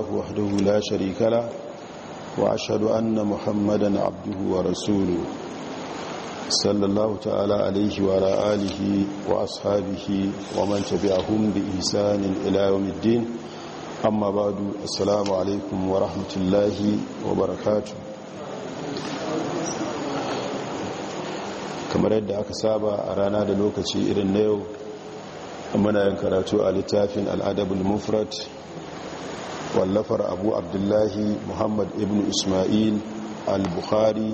وحده لا شريك له وأشهد أن محمدا عبده ورسوله صلى الله تعالى عليه وعلى آله وأصحابه ومن تبعهم بإحسان إلى يوم الدين أما بعد السلام عليكم ورحمة الله وبركاته kamar yadda aka saba a rana da lokaci irin na yau muna yin karatu a littafin al'adabul mufrat wallafar abu abdullahi muhammad ibn ismail al-bukhari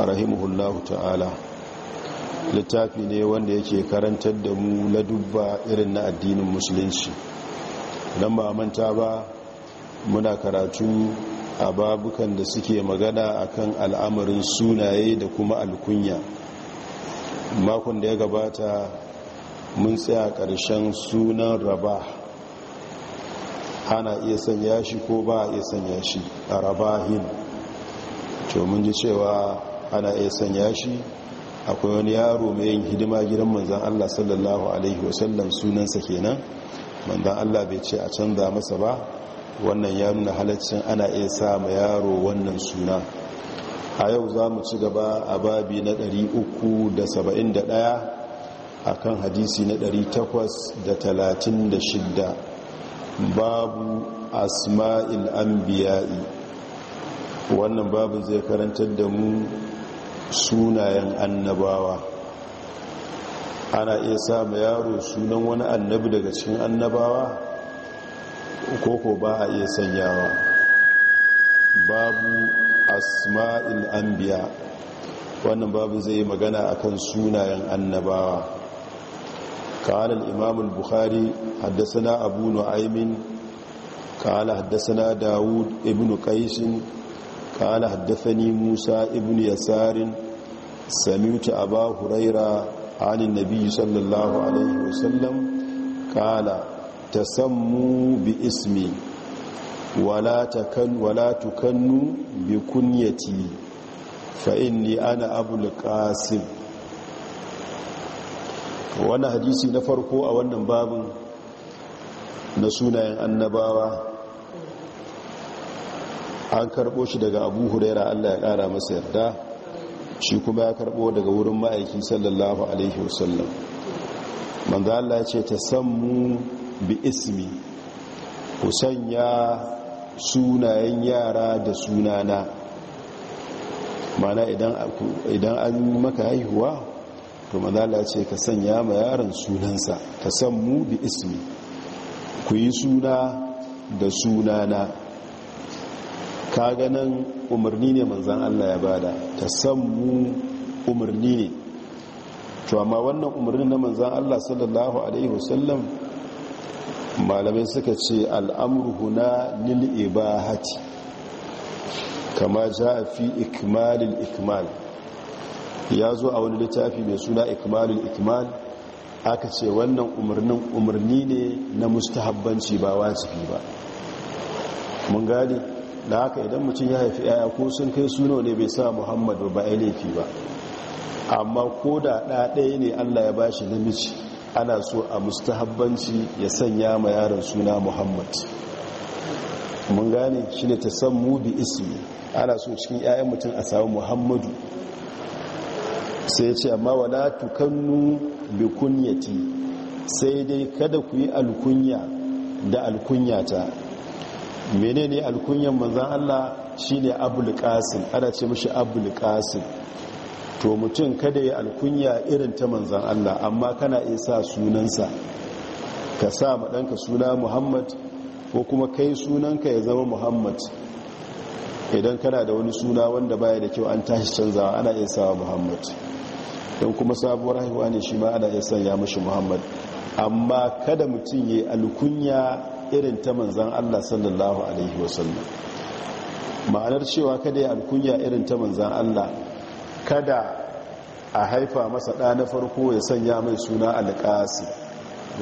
a rahimahullahu ta'ala littafi ne wanda yake karantar da mu ladubba irin na addinin musulunci don ba manta ba muna karatu a babukan da suke magana a kan al'amarin sunaye da kuma alkunya makon da ya gabata mun tsaya ƙarshen sunan rabah ana iya sanya shi ko ba a iya sanya shi a rabahin mun ji cewa ana iya sanya shi akwai wani yaro mai yin hidima gidan manzan allah sallallahu alaihi wasallam sunansa kenan manzan allah bai ce a canza masa ba wannan ya nuna halaccin ana iya sa ma yaro wannan suna a yau za mu ci gaba a babi na 371 a kan hadisi na 836 babu asma'il anbiya'i wannan babu zai karantar da mu sunayen annabawa ana iya sa yaro sunan wani annabi daga cikin annabawa koko ba a iya sanyawa babu asma'il anbiya wannan babu zai magana akan sunayen annabawa قال الإمام البخاري حدثنا أبو نعيم قال حدثنا داود ابن قيس قال حدثني موسى ابن يسار سمعت أبا هريرة عن النبي صلى الله عليه وسلم قال تسموا باسمي ولا تكن ولا تكنوا بكنيتي فإني أنا أبو القاسم wani hadisi na farko a wannan babin na sunayen annabawa an karɓo shi daga abu huraira allah ya ƙara masa yarda shi kuma ya karɓo daga wurin ma'aiki sallallahu alaihi wasallam manzo allah ce ta san mu bi ismi ku sanya sunayen yara da sunana mana idan an maka haihuwa to mazala ce ka sanya ma yaron sunansa ka san mu bi ismi ku yi suna da sunana ka ganin umarni ne manzan Allah ya bada ta san mu umarni ne to amma wannan umarni na manzan Allah sallallahu alaihi wasallam malamai suka ce al'amurhu na ibahati kama ja fi ikmalil ikmal ya zo a wani littafi mai suna ikmalul ikmal aka ce wannan umarnin umarni ne na mustahabbanci ba wajibi ba mun gane da haka idan mutum ya haifi yaya ko sun kai suno ne bai sa muhammad ba ya laifi ba amma ko da ɗaɗaya ne allah ya bashi namiji ana so a mustahabbanci ya sanya ma yaron suna muhammad mun gane shi ne ta san mu bi ismi ana so cikin 'ya'yan mutum a samu muhammadu sai ya ce amma wala tukannu bi kunyati sai dai kada ku yi alkunya da alkunya ta. menene alkunyan manzan Allah shine abul qasim ana ce mishi abul qasim to mutum kada ya alkunya irin ta manzan Allah amma kana isa sunansa ka sa ma ɗanka suna muhammad ko kuma kai sunanka ya zama muhammad idan kana da wani suna wanda baya da kyau an tashi canzawa ana iya sawa muhammad don kuma sabuwar haihuwa ne shi ma ana iya sanya mashi muhammad amma kada mutum ya alkunya irin ta manzan allah sallallahu alaihi wasallam ma'anar cewa kada ya alkunya irin ta manzan allah kada a haifa masa ɗa na farko ya sanya mai suna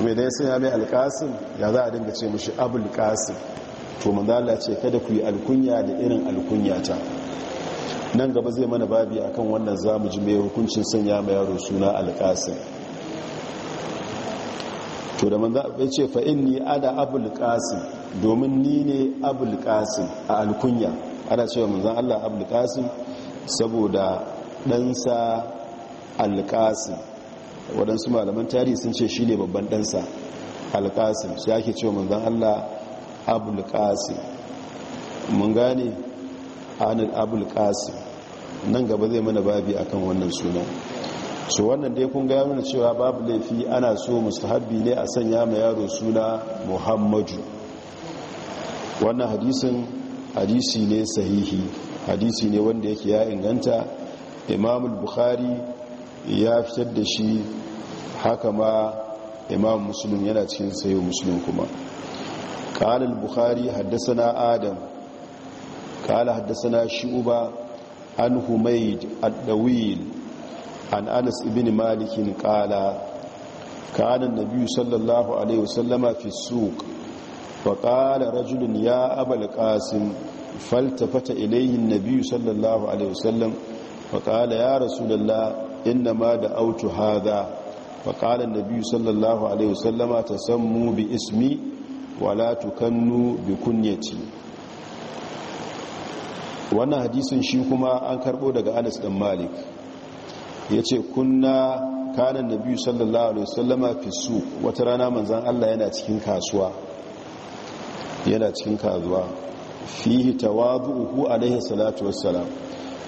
mai ya sanya mai alƙasim ya za a dinga ce mashi abulƙasim to manzo Allah ce kada ku yi alkunya da irin alkunyata nan gaba zai mana babi akan wannan zamu ji mai hukuncin sanya ma yaro suna alqasim to da manzo ya ce fa inni ada abul qasim domin ni ne abul qasim a alkunya ana cewa manzo Allah abul qasim saboda ɗansa alqasim waɗansu malaman tarihi sun ce shi ne babban ɗansa alqasim su yake cewa zan Allah abul kasi mun gane anil abul kasi nan gaba zai mana babi akan wannan suna so wannan dai kun gaya mana cewa babu laifi ana so mustahabbi ne a sanya ma yaro suna muhammadu wannan hadisin hadisi ne sahihi hadisi ne wanda yake ya inganta imam bukhari ya fitar da shi haka ma imam muslim yana cikin sayo muslim kuma قال البخاري حدثنا آدم قال حدثنا شعبة عن حميد الدويل عن أنس بن مالك قال كان النبي صلى الله عليه وسلم في السوق فقال رجل يا أبا القاسم فالتفت إليه النبي صلى الله عليه وسلم فقال يا رسول الله إنما دعوت هذا فقال النبي صلى الله عليه وسلم تسموا باسمي wala tukannu bi kunyati wannan hadisin shi kuma an karbo daga Anas dan Malik yace kunna kana nabi sallallahu alaihi wasallama fi su wata rana manzon Allah yana cikin kasuwa yana cikin kasuwa fihi tawadu'uhu alaihi salatu wassalam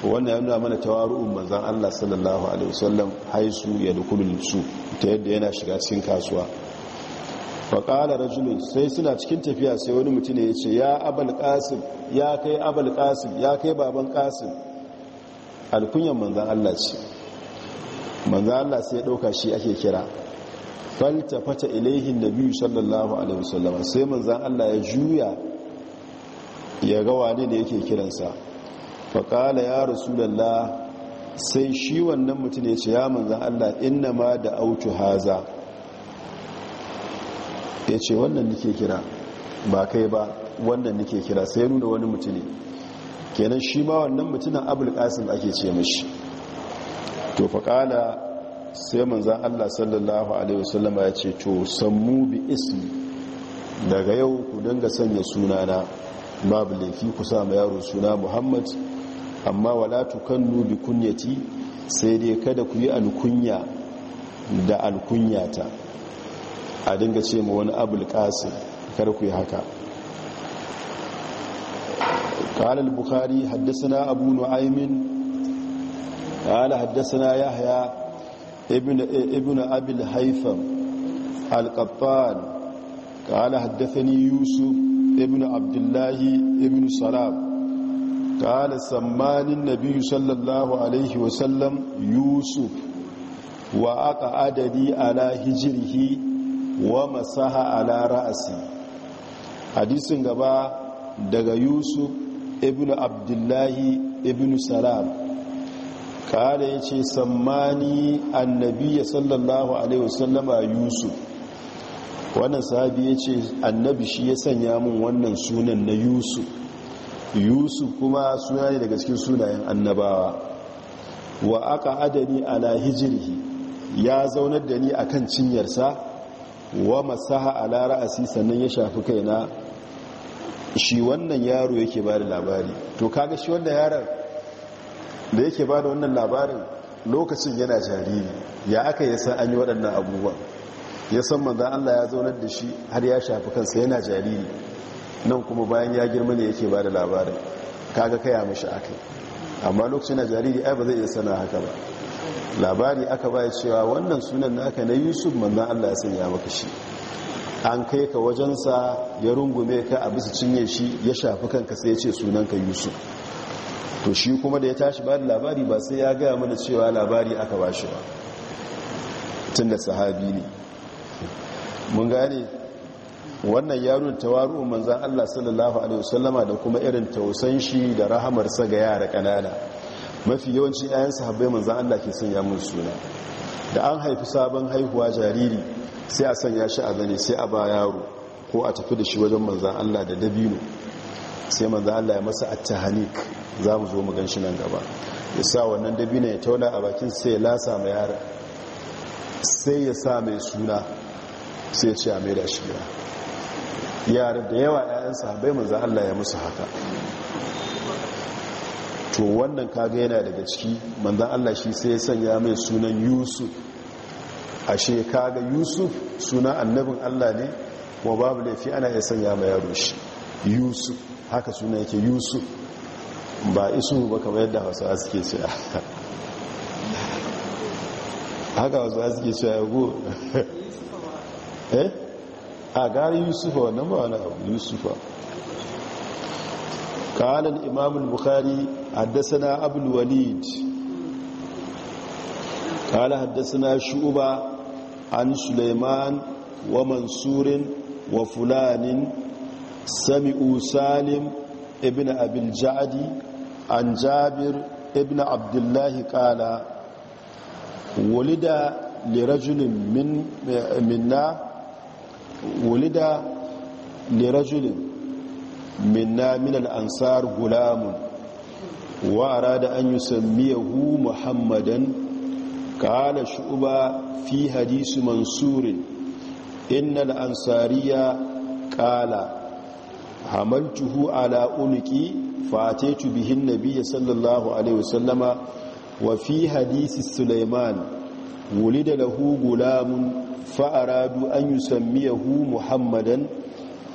wannan yana mana tawaru'un manzon Allah sallallahu alaihi wasallam haisu ya su ta yadda yana shiga cikin kasuwa faƙala rajulun sai suna cikin tafiya sai wani mutum ya ce ya abal ƙasir ya kai abal ƙasir ya kai baban ƙasir alkunyan manzan Allah ce manzan Allah sai ya ɗauka shi ake kira falta fata ilaihin da biyu sallallahu alaihi wasallama sai manzan Allah ya juya ya ga wani da yake kiransa faƙala ya rasu sai shi wannan mutum ya ce ya manzan Allah inna ma da autu haza ya ce wannan nike kira ba kai ba wannan nike kira sai nuna wani mutune kenan shi ma wannan mutumin abul qasim ake ce mashi to faƙala sai manzan allah sallallahu alaihi wasallama ya ce to sammu bi ismi daga yau ku dinga sanya sunana babu laifi ku sa ma yaro suna muhammad amma wala tukannu bi kunyati sai dai kada ku yi alkunya da alkunyata a dinga ce ma wani abul qasim kar ku yi haka قال البخاري حدثنا أبو نعيم قال حدثنا يحيى ابن, ابن أبي الهيثم القطان قال حدثني يوسف ابن عبد الله ابن سلام قال سمان النبي صلى الله عليه وسلم يوسف وأقعدني على هجره wa masaha ala ra'asi hadisin gaba daga yusuf ibn abdullahi ibn salam kada yace, ce sammani annabiya sallallahu alaihi wasallama yusuf wannan sahabi yace annabi shi ya sanya mun wannan sunan na yusuf yusuf kuma suna ne daga cikin sunayen annabawa wa aka adani ala hijirhi ya zaunar da ni akan cinyarsa wa masaha ala ra'asi sannan ya shafi kaina shi wannan yaro yake ba labari to kaga shi wannan yaron da yake bada wannan labarin lokacin yana jariri ya aka yasa an yi waɗannan abubuwan ya san manzan Allah ya zaunar da shi har ya shafi kansa yana jariri nan kuma bayan ya girma ne yake bada da labarin kaga kaya mashi aka amma lokacin yana jariri ai ba zai iya sana haka ba labari aka baya cewa wannan sunan naka na yusuf manna allah ya sanya maka shi an kai ka wajensa ya rungume ka a bisa cinye shi ya shafi kanka sai ya ce sunanka yusuf to shi kuma da ya tashi ba da labari ba sai ya gaya mana cewa labari aka ba shi ba tun da sahabi ne mun gane wannan ya nuna tawaru'un manzan allah sallallahu alaihi wasallama da kuma irin tausan shi da rahamarsa ga yara ƙanana mafi yawanci 'ya'yan sahabbai manzan Allah ke sanya mun suna da an haifi sabon haihuwa jariri sai a sanya shi a zane sai a ba yaro ko a tafi da shi wajen manzan Allah da dabino sai manzan Allah ya masa attahanik za mu zo mu gan shi nan gaba ya sa wannan dabino ya tauna a bakin sai ya lasa mai yara sai ya sa mai suna sai ya ce a mai da shi yara da yawa 'ya'yan sahabbai manzan Allah ya musu haka to wannan kaga yana daga ciki manzan Allah shi sai ya sanya mai sunan yusuf a shekaga yusuf suna annabin Allah ne wa babu laifi ana ya sanya mai yaro shi yusuf haka suna yake yusuf ba isu ba kama yadda wasu hausa suke cewa haka hausa suke cewa yago eh a gari yusufa wannan ba wani abu yusufa قال imamun bukari حدثنا ابو الوليد قال حدثنا شعبة عن سليمان ومنصور وفلان سمعوا سالم ابن ابي الجعد عن جابر ابن عبد الله قال ولد لرجل من منا ولد لرجل منا من الانصار غلام wa arada an yusammiyahu muhammadan qala shu'ba fi hadisi mansurin innal ansariya qala hamaltuhu ala uniki, fatetu bihin an-nabiy sallallahu alaihi wasallama wa fi hadisi sulaiman wulida lahu gulamun fa'aradu an yusammiyahu muhammadan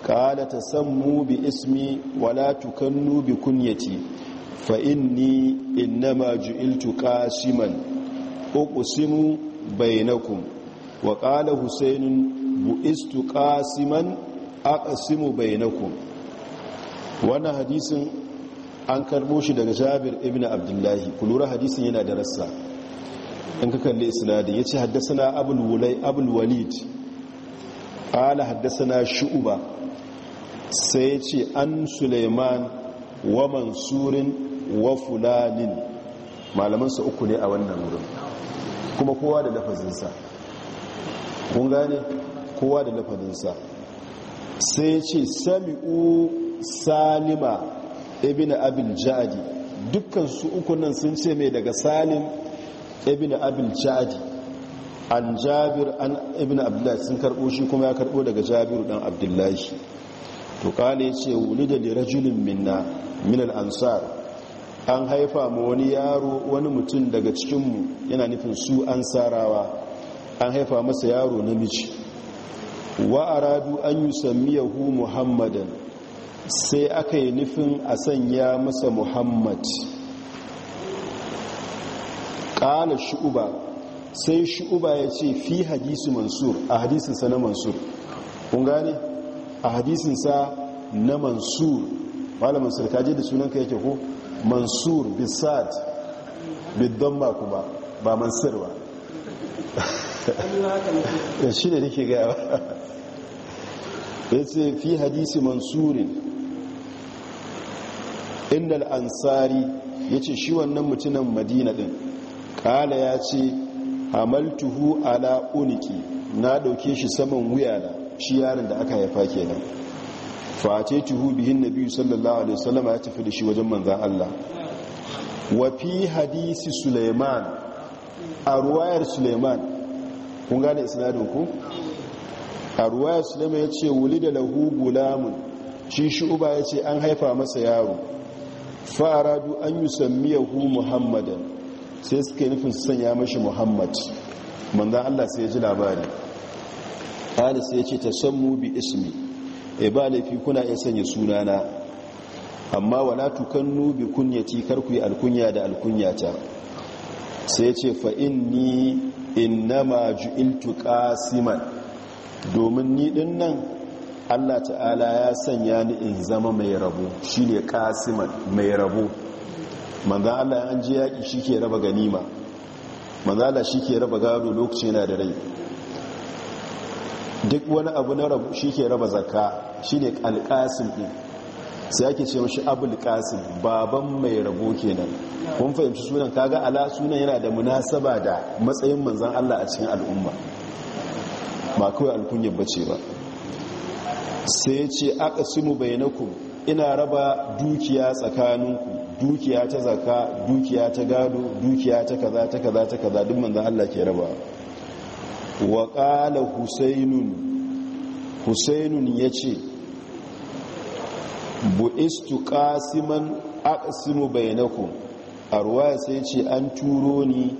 ta tasammu bi ismi wala la tukannu bi kunyati fa inni innama ju'iltu qasiman uqsimu bainakum wa qala husaynun bu'istu qasiman aqsimu bainakum wannan hadisin an karbo shi daga Jabir ibn Abdullahi kulura hadisin yana da rassa in ka kalli isnadin yace haddathana abul wulay abul walid qala haddathana shu'ba sai yace an Sulaiman wa mansurin wa fulanin malamansa uku ne a wannan wurin kuma kowa da lafazinsa kun gane kowa da lafazinsa sai ce sami'u salima ibn abin jadi dukkan su uku nan sun ce mai daga salim ibn abin jadi an jabir an ibn abdullahi sun karbo shi kuma ya karbo daga jabiru dan abdullahi to kala ya ce wuli da lirajulin minna minal ansar an haifa ma wani yaro wani mutum daga cikinmu yana nufin su ansarawa an haifa masa yaro namiji wa aradu an yi samiyahu muhammadan sai aka yi nufin a sanya masa muhammad ƙala shu'uba sai shu'uba ya ce fi hadisi mansur a hadisinsa na mansur ƙungane a hadisinsa na mansur malamin sarkaji da sunanka yake ko mansur bisad bidamma kuma ba mansur ba ya shi ne nake gaya ya ce fi hadisi mansurin inda al'ansari ya ce shi wannan mutunan madina ɗin ƙala ya ce hamaltuhu ala uniki na ɗauke shi saman wuyana shi yaron da aka haifa kenan fa atituhu bihin nabi sallallahu alaihi wasallam ya tafi da shi wajen manzan Allah wa fi hadisi Sulaiman a ruwayar Sulaiman kun gane isnadin ku a ruwayar Sulaiman ya ce wuli da lahu gulamun shi shu'uba ya ce an haifa masa yaro Faradu an yi sammiyahu muhammadan sai suka yi nufin sanya mashi muhammad manzan Allah sai ya ji labari ƙali sai ya ce ta sammu bi ismi e ba laifi kuna iya sanya sunana amma wala tukannu bi kunyati karku yi alkunya da alkunyata sai ce fa inni innama ju'iltu qasiman domin ni din nan Allah ta'ala ya sanya ni in zama mai rabo shine qasiman mai rabo manzo Allah an je yaki shike raba ganima manzo Allah shike raba gado lokaci yana da rai duk wani abu na rabu shi ke raba zakka shi ne alƙasim ɗin sai ake ce mashi abul ƙasim baban mai rabo nan. kun fahimci sunan kaga ala sunan yana da munasaba da matsayin manzan allah a cikin al'umma ba kawai alkunyar bace ba sai ce aka mu bayanaku ina raba dukiya tsakaninku dukiya ta zaka dukiya ta gado dukiya ta kaza ta kaza ta kaza duk manzan allah ke rabawa wa ƙala husainun husainun ya ce bu'istu ƙasiman aƙasimu bainaku a ruwa sai ce an turo ni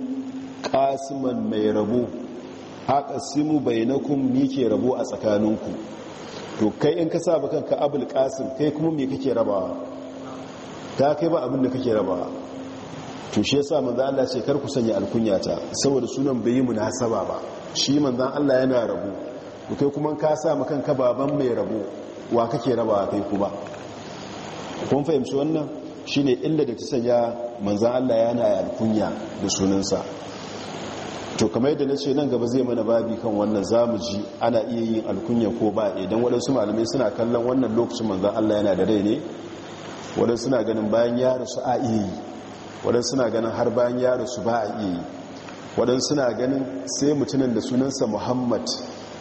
ƙasiman mai rabo aƙasimu bainakum ni ke rabo a tsakaninku to kai in ka ba kanka abul ƙasim kai kuma me kake rabawa ta kai ba abin da kake rabawa to shi yasa manzo Allah ce kar ku sanya alkunyata saboda sunan bai yi munasaba ba shi manzan Allah yana rabu ku kai kuma ka sa makan ka baban mai rabo wa kake rabawa kai kuma kun fahimci wannan shine illa da ta sanya manzan Allah yana alkunya da sunansa to kamar yadda na ce nan gaba zai mana babi kan wannan zamu ji ana iya yin alkunya ko ba idan wadansu malamai suna kallon wannan lokacin manzan Allah yana da rai ne wadansu suna ganin bayan ya rasu a iya yi wadansu suna ganin har bayan ya rasu ba a iya yi waɗansu suna ganin sai mutumin da sunansa muhammad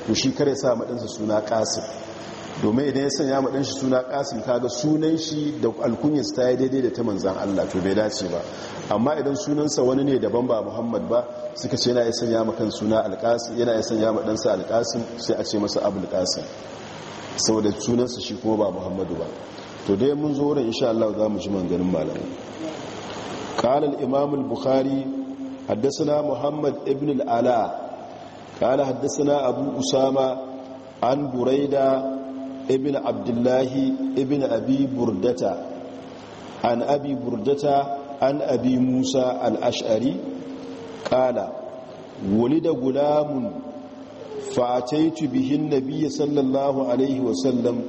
to shi kare sa maɗinsa suna ƙasir domin idan ya sanya maɗin suna suna ƙasim kaga sunan shi da alkunyarsa ta yi daidai da ta manzan Allah to bai dace ba amma idan sunansa wani ne daban ba muhammad ba suka ce yana ya sanya makan suna maɗansa sai a ce masa abu alƙasir saboda sunansa shi kuma ba muhammadu ba to dai mun zo wurin insha Allah za mu ji manganin malamai qala al-imam al-bukhari حدثنا محمد ابن العلاء قال حدثنا أبو أسامة عن بريدة ابن عبد الله ابن أبي بردة عن أبي بردة عن أبي موسى الأشعري قال ولد غلام فأتيت به النبي صلى الله عليه وسلم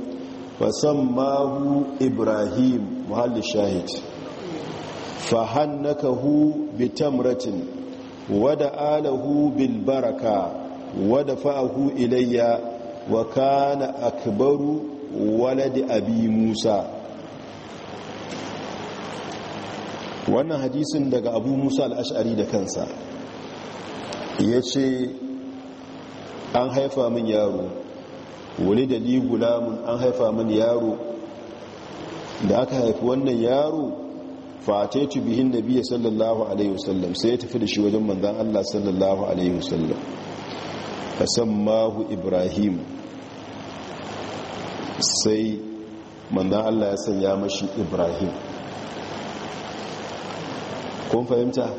فسماه إبراهيم محل الشاهد fahannakahu bi tamratin wada alahu bil baraka wada fa'ahu ilayya wa kana akbaru waladi abi musa wannan hadisin daga abu musa al da kansa yace an haifa min yaro wani dalilin gulamun an haifa min yaro da aka haifi wannan yaro fataitu bihin nabiyyi sallallahu alaihi wasallam sai ya tafi da shi wajen manzon Allah sallallahu alaihi wasallam fasammahu ibrahim sai manzon Allah ya sanya mashi ibrahim kun fahimta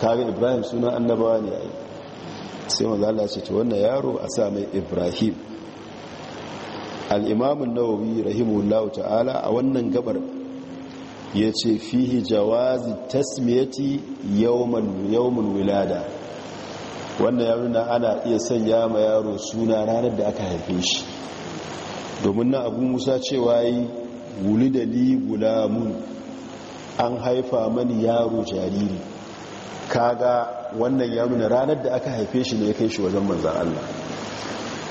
kaga ibrahim suna annabawa ne ai sai manzon Allah ya ce to wannan yaro a sa mai ibrahim al-imam an-nawawi rahimahullahu ta'ala a wannan gabar ya ce fihi jawazi tasmiyati yawman wilada wannan yaruna ana iya sanya ma yaro suna ranar da aka haife shi domin na abu musa cewa yi wuli da li gulamun an haifa mani yaro jariri kaga wannan yaruna ranar da aka haife shi ne ya kai shi wajen manzan Allah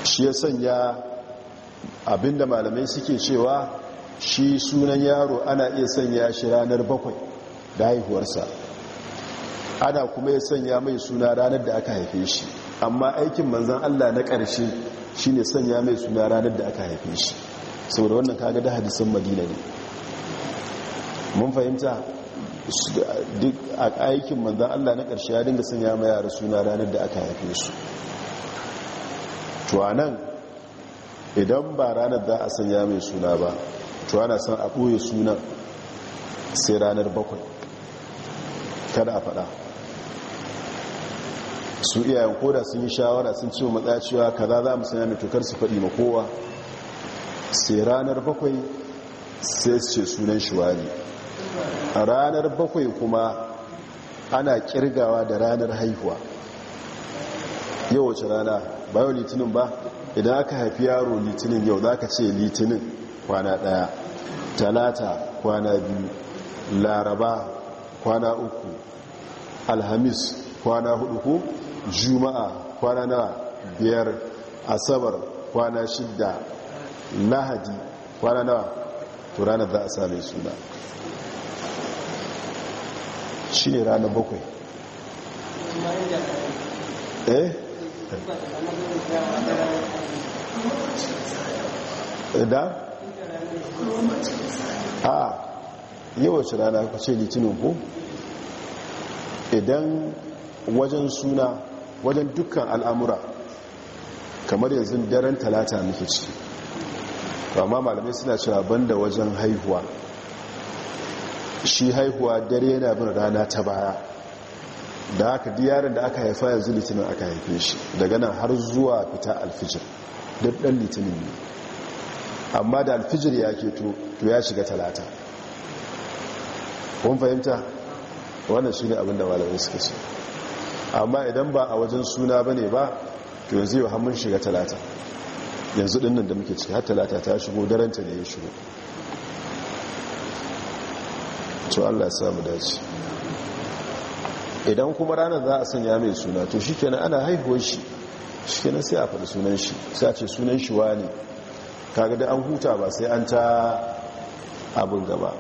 shi ya sanya abinda malamai suke cewa shi sunan yaro ana iya sanya shi ranar bakwai da haihuwarsa ana kuma ya sanya mai suna ranar da aka haife shi amma aikin manzan allah na ƙarshe shi ne sanya mai suna ranar da aka haife shi saboda wannan kaga da hadisan madina ne mun fahimta duk a aikin manzan allah na ƙarshe ya dinga sanya mai yara suna ranar da aka haife su to a nan idan ba ranar za a sanya mai suna ba to ana son a ɓoye sunan sai ranar bakwai kada a faɗa su iyayen koda sun yi shawara sun ce matsa cewa kaza za mu sanya mai tokar su faɗi ma kowa sai ranar bakwai sai su ce sunan shiwari a ranar bakwai kuma ana kirgawa da ranar haihuwa yau wace rana bayan litinin ba idan aka haifi yaro litinin yau za ka ce litinin kwana ɗaya talata kwana biyu laraba kwana uku alhamis kwana hudu ko juma'a kwana na biyar asabar kwana shidda lahadi kwana na to za a same suna shi ne ranar bakwai eh da a yawancin rana ku ce litinin ku idan wajen suna wajen dukkan al'amura kamar yanzu daren talata muke ciki, amma malamai suna cewa da wajen haihuwa shi haihuwa dare yana bin rana ta baya da haka diyarin da aka haifa yanzu litinin aka haife shi daga nan har zuwa fita alfijir duk dan litinin ne amma da alfijir ya ke to ya shiga talata kun fahimta wannan shi ne abinda malamai suka ce amma idan ba a wajen suna ba ne ba to yanzu yi wa hannun shiga talata yanzu dinnan da muke ciki har talata ta shigo daranta ne ya shigo to allah samu dace idan kuma ranar za a sanya mai suna to shi kenan ana haihuwar shi shi kenan sai a faɗi sunan shi sai a ce sunan shi wa ne kaga da an huta ba sai an ta abin gaba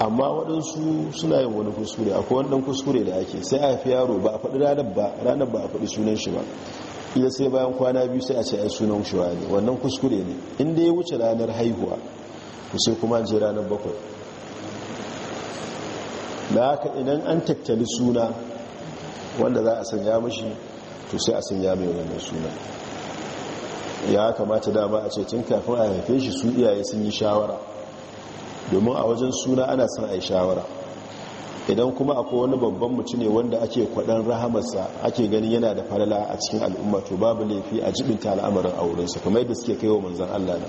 amma waɗansu suna yin wani kuskure akwai wani ɗan kuskure da ake sai a fi yaro ba a faɗi ranar ba a faɗi sunan shi ba iya sai bayan kwana biyu sai a ce ai sunan shi ne wannan kuskure ne inda ya wuce ranar haihuwa to sai kuma je ranar bakwai da haka idan an tattali suna wanda za a sanya mashi to sai a sanya mai wannan suna. ya kamata dama a ce tun kafin a haife shi su iyaye sun yi shawara domin a wajen suna ana son a yi shawara idan kuma akwai wani babban mutum ne wanda ake kwadon rahamarsa ake ganin yana da falala a cikin al'umma to babu laifi a jibinta al'amarin aurensa kuma yadda suke kai wa manzan Allah ne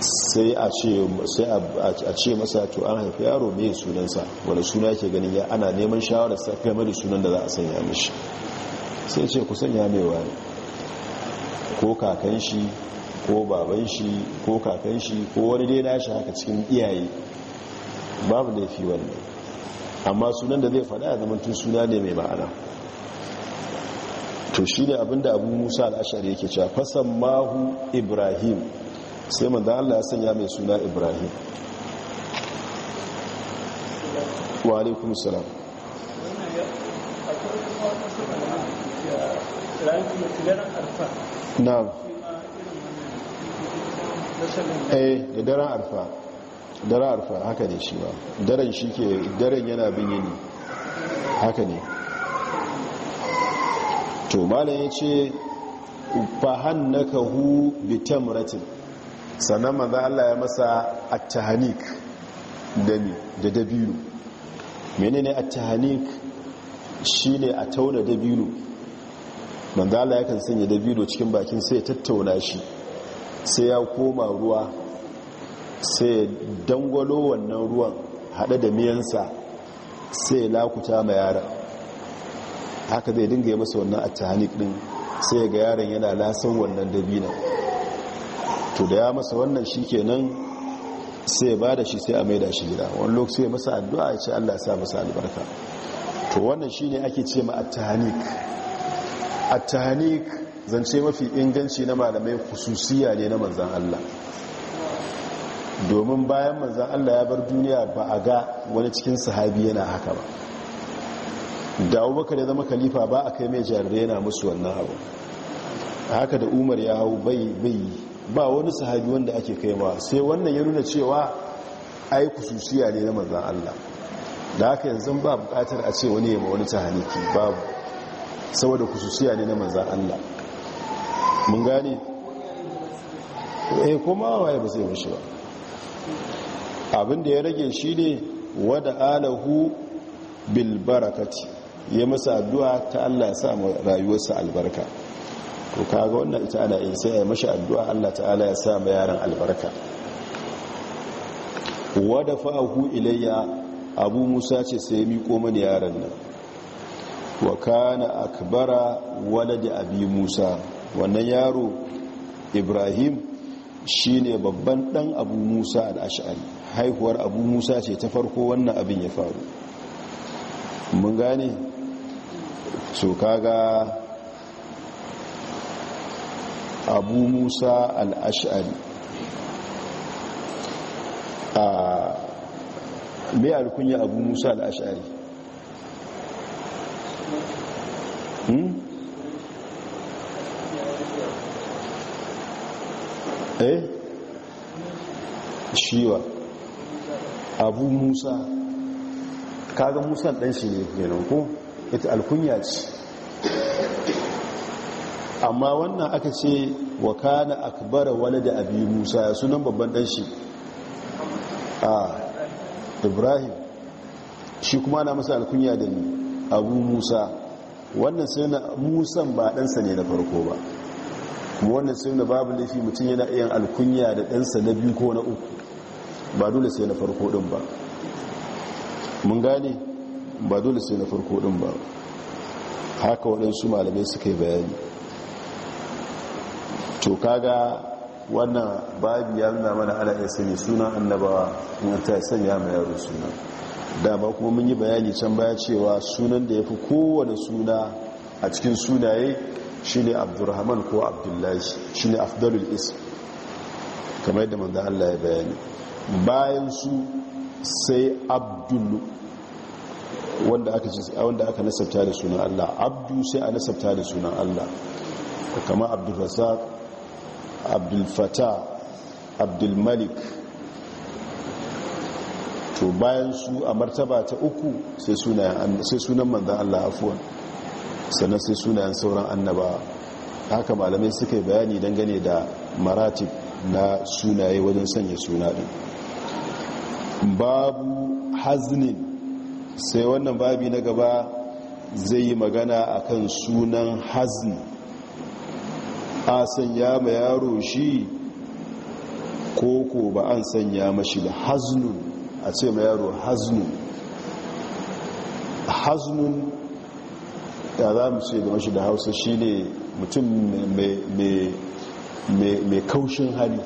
sai a ce masa to an haifi yaro mai sunansa wani suna ke ganin ya ana neman shawararsa kai da sunan da za a sanya mishi sai ce ku sanya mai wani ko kakan shi ko baban shi ko kakan shi ko wani dai nashi haka cikin iyaye babu laifi wannan amma sunan da zai faɗa a tun suna ne mai ma'ana to shi ne abinda abu musa al'ashari yake cewa fasan mahu ibrahim sai manzan allah ya sanya mai suna ibrahim wa alaikun salam na'am eh da daren arfa daren arfa haka ne shi ba daren shi ke daren yana bin yini haka ne to malam ya ce fahannaka hu bitamratin sannan manzo Allah ya masa at-tahnik dami da dabiru? menene at-tahnik shine a tauna dabiru? manzo Allah yakan sanya dabino cikin bakin sai ya tattauna shi sai ya koma ruwa sai ya dangwalo wannan ruwan hada da miyansa sai ya lakuta ma yaran haka zai dinga yi masa wannan attahanik din sai ga yaron yana lasan wannan dabina to da ya masa wannan shi kenan sai ya bada shi sai a maida shi gida wani lokaci ya masa addu'a ya ce Allah ya sa masa albarka to wannan shine ake ce ma attahanik a zance mafi inganci na malamai hususiya ne na manzan Allah domin bayan manzan Allah ya bar duniya ba a ga wani cikin sahabi yana haka ba da abubakar ya zama kalifa ba a kai mai jarirai yana musu wannan abu haka da umar ya hau bai bai ba wani sahabi wanda ake kai ma sai wannan ya nuna cewa ai kususiya ne na manzan Allah da haka yanzu ba bukatar a ce wani yamma wani tahaniki babu saboda kususiya ne na manzan Allah mun gane eh kuma waye ba zai mishi ba abinda ya rage shi ne wada alahu bil barakati ya masa addu'a ta Allah ya sa rayuwarsa albarka to kaga wannan ita ana yin sai ya mashi addu'a Allah ta'ala ya sa ma yaran albarka wada fa'ahu ilayya abu musa ce sai ya miko mani yaran nan wa kana akbara da abi musa wannan yaro ibrahim shine babban dan abu musa al haihuwar abu musa ce ta farko wannan abin ya faru mun gane so kaga abu musa al-ash'ari a ah, mai alkunya abu musa al Hmm? eh shiwa abu musa kaga musa dan shi ne kenan ko ita alkunya ce amma wannan aka ce wa kana akbara da abi musa sunan babban dan shi Ah. ibrahim shi kuma na masa alkunya da ni abu musa wannan sai na musan ba ɗansa ne na farko ba kuma wannan sai na babu laifi mutum yana iya alkunya da ɗansa na biyu ko na uku ba dole sai na farko ɗin ba mun gane ba dole sai na farko ɗin ba haka waɗansu malamai suka yi bayani to kaga wannan babu ya nuna mana ala'isa ne suna annabawa in ta sanya mai yaro suna dama kuma mun yi bayani can baya cewa sunan da ya fi kowane suna a cikin sunaye shi ne abdurrahman ko abdullahi shi ne afdalul ism kamar yadda manzan allah ya bayani bayan su sai abdullu wanda aka nasabta da sunan allah abdu sai a nasabta da sunan allah kama abdulrasak abdulfata abdulmalik to bayan su a martaba ta uku sai sunan manzan Allah afuwan sannan sai sunayen sauran annaba haka malamai suka yi bayani dangane da maratib na sunaye wajen sanya suna ɗin babu haznin sai wannan babi na gaba zai yi magana akan sunan hazn a sanya ma yaro shi ko ko ba an sanya mashi da haznun a ce ma yaro haznu haznun ya za mu ce game shi da hausa shi ne mutum mai kaushin hali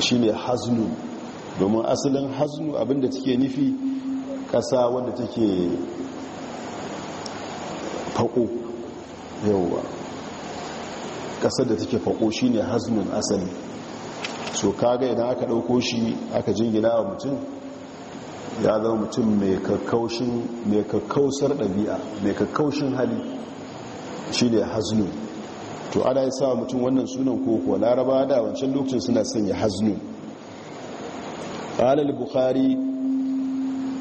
shi ne domin asalin haznu abinda take nufi ƙasa wadda take faƙo yauwa ƙasar da take faƙo shi ne haznun asali so kaga idan aka ɗauko shi aka jingina wa mutum ya zama mutum mai kakkausar ɗabi'a mai kakkaushin hali shi ne haznu to ana yi sa mutum wannan sunan koko laraba da wancan lokacin suna sanya haznu alal bukhari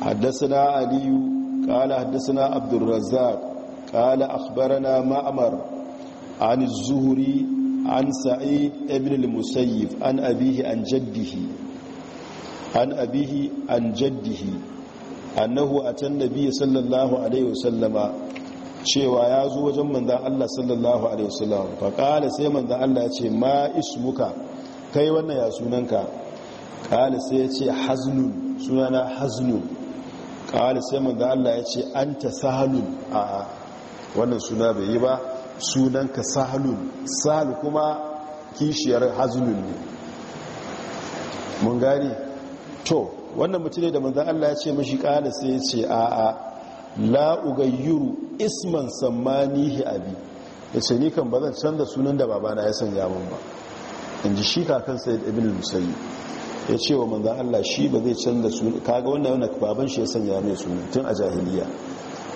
haddasa aliyu قال حدثنا عبد الرزاق قال أخبرنا مأمر عن الزهري an sa'id ibn al-musayyib an abihi an jaddihi an abihi an jaddihi annahu atan nabiy sallallahu alaihi wasallama cewa ya zo wajen manzan Allah sallallahu alaihi wasallam fa qala sai manzan Allah ya ce ma ismuka kai wannan ya sunanka qala sai yace haznun sunana haznun qala sai manzan Allah ya ce anta sahlun a wannan suna bai yi ba sunanka sahalun sahal kuma kishiyar hazulun ne mun gani to wannan mutum ne da manzan Allah ya ce mashi kala sai ya ce a a la'ugayyuru isman sammanihi abi ya ce ni kan ba canza sunan da babana ya sanya mun ba in ji shi kakan da ibn musayi ya ce wa manzan Allah shi ba zai canza sunan kaga wannan yana baban shi ya sanya mai sunan tun a jahiliya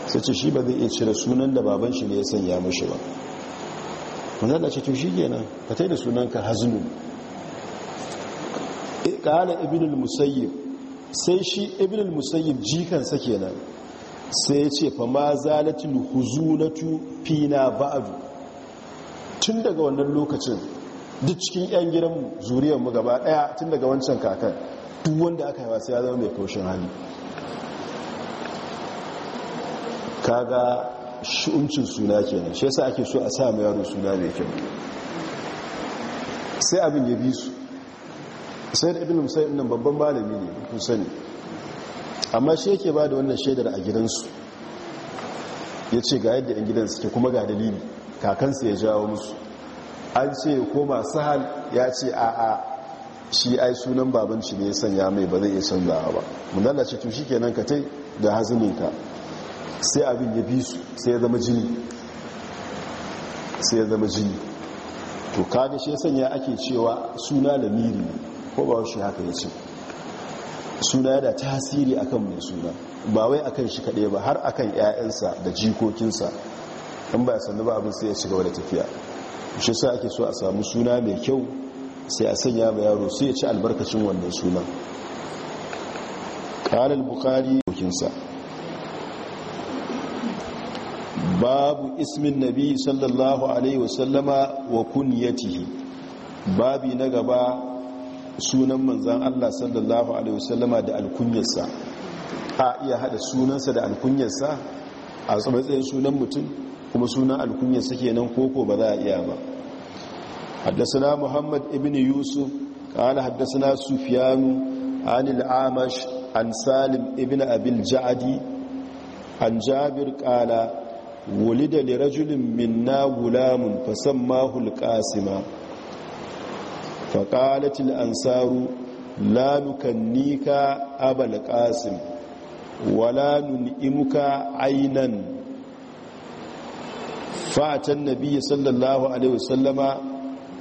sai ce shi ba zai iya cire sunan da baban shi ne ya sanya mashi ba wanda da ce to shi gina ka tai da ka haznu ƙala e, ibinul musayyib sai shi ibinul musayyib jikansa kenan sai ya ce fa ma zalatul huzunatu fina ba'du tun daga wannan lokacin duk cikin yan gidanmu mu gaba daya tun daga wancan kakan duk wanda aka yi wasu ya zama mai kaushin hali Ka ga shi'uncin suna kenan shi yasa ake so a sami yaro suna mai kyau sai abin ya bi su sai da ibn musayyib nan babban malami ne kun sani amma shi yake ba da wannan shaidar a gidansu ya ce ga yadda 'yan gidan suke kuma ga dalili kakansu ya jawo musu an ce koma sahal ya ce a a shi ai sunan babanci ne ya sanya mai ba zai iya canzawa ba mun lalace tushi kenan ka tai da hazininka sai abin ya bi su sai ya zama jini sai ya zama jini to kada shi sanya ake cewa suna da miri ko ba shi haka ya ce suna da tasiri akan mai suna ba wai akan shi kaɗai ba har akan 'ya'yansa da jikokinsa in ba sannu ba abin sai ya ci gaba da tafiya shi sa ake so a samu suna mai kyau sai a sanya ba yaro sai ya ci albarkacin wannan suna ƙarar bukari kokinsa babu ismin nabi sallallahu alaihi wasallama wa kunyatihi babi na gaba sunan manzan Allah sallallahu alaihi wasallama da alkunyarsa a iya hada sunansa da alkunyarsa a matsayin sunan mutum kuma sunan alkunyarsa kenan koko ba za a iya ba haddasa muhammad ibn yusuf قال حدثنا an al-amash An-Salim, ibn أبي الجعدي an jabir قال wulida li rajulin minna gulamun fasammahu alqasima faqalat alansaru la nukannika abal qasim wala nun'imuka aynan fa'atan nabiyyi sallallahu alaihi wasallama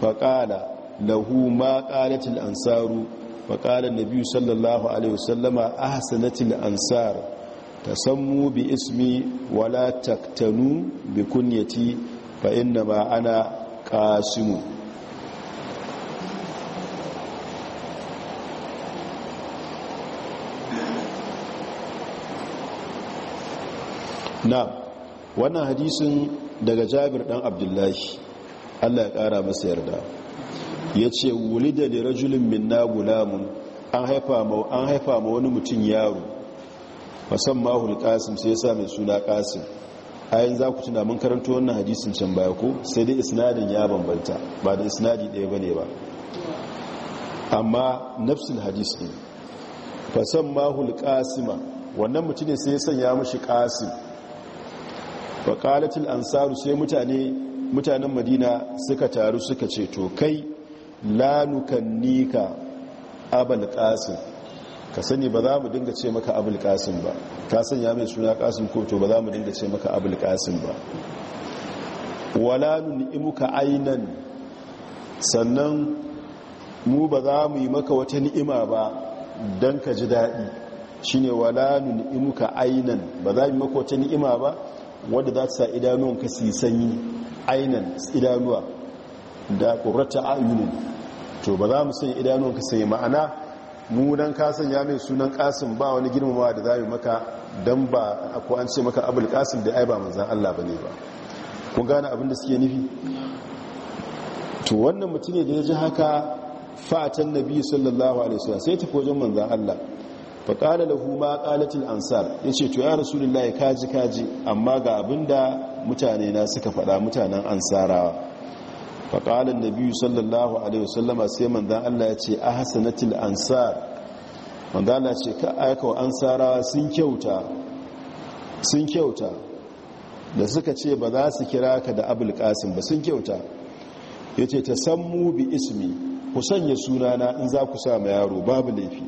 faqala lahu ma qalat alansaru faqala an-nabiyyu sallallahu alaihi wasallama ahsanatil ansar tasammu bi ismi wala taktanu bi kunyati fa inna ma ana qasimu na wannan hadisin daga jabir dan abdullahi Allah ya kara masa yarda yace ce wulida da rajulin minna gulamun an haifa ma wani mutum yaro fasan mahul kasim sai ya sa mai suna kasim ayin za ku tuna mun karanta wannan hadisin can baya ko sai dai isnadin ya bambanta ba da isnadi ɗaya ba ne ba amma nafsin hadis ne fasan mahul kasima wannan mutum ne sai ya sanya mashi kasim faƙalatul ansaru sai mutane mutanen madina suka taru suka ce to kai lanukan nika abal kasim ka sani ba za mu dinga ce maka abul kasim ba ka sanya mai suna kasim ko to ba za mu dinga ce maka abul kasim ba wala ni'imuka aynan sannan mu ba za mu yi maka wata ni'ima ba dan ka ji dadi shine wala ni'imuka aynan ba za mu yi maka wata ni'ima ba wanda za ta sa idanuwanka su yi sanyi aynan idanuwa da qurrata ayunin to ba za mu sanya idanuwanka sai ma'ana munan kasan ya mai sunan kasan ba wani girmamawa da za yi maka don ba ko an ce maka abul kasan da ai ba manzan Allah ba ne ba kun gane abin suke nufi to wannan mutum ne da ya ji haka fatan nabi sallallahu alaihi wasallam sai tafi wajen manzan Allah fa qala lahu ma qalatil ansar ce to ya rasulullahi kaji kaji amma ga abinda mutane na suka faɗa mutanen ansarawa faƙalin da biyu sallallahu alaihi wasallama sai manzan allah ya ce a hasanatil ansar manzan ce ka aika wa ansarawa sun kyauta da suka ce ba za su kira ka da abul kasim ba sun kyauta ya ce ta sammu bi ismi ku sanya sunana in za ku sa ma yaro babu laifi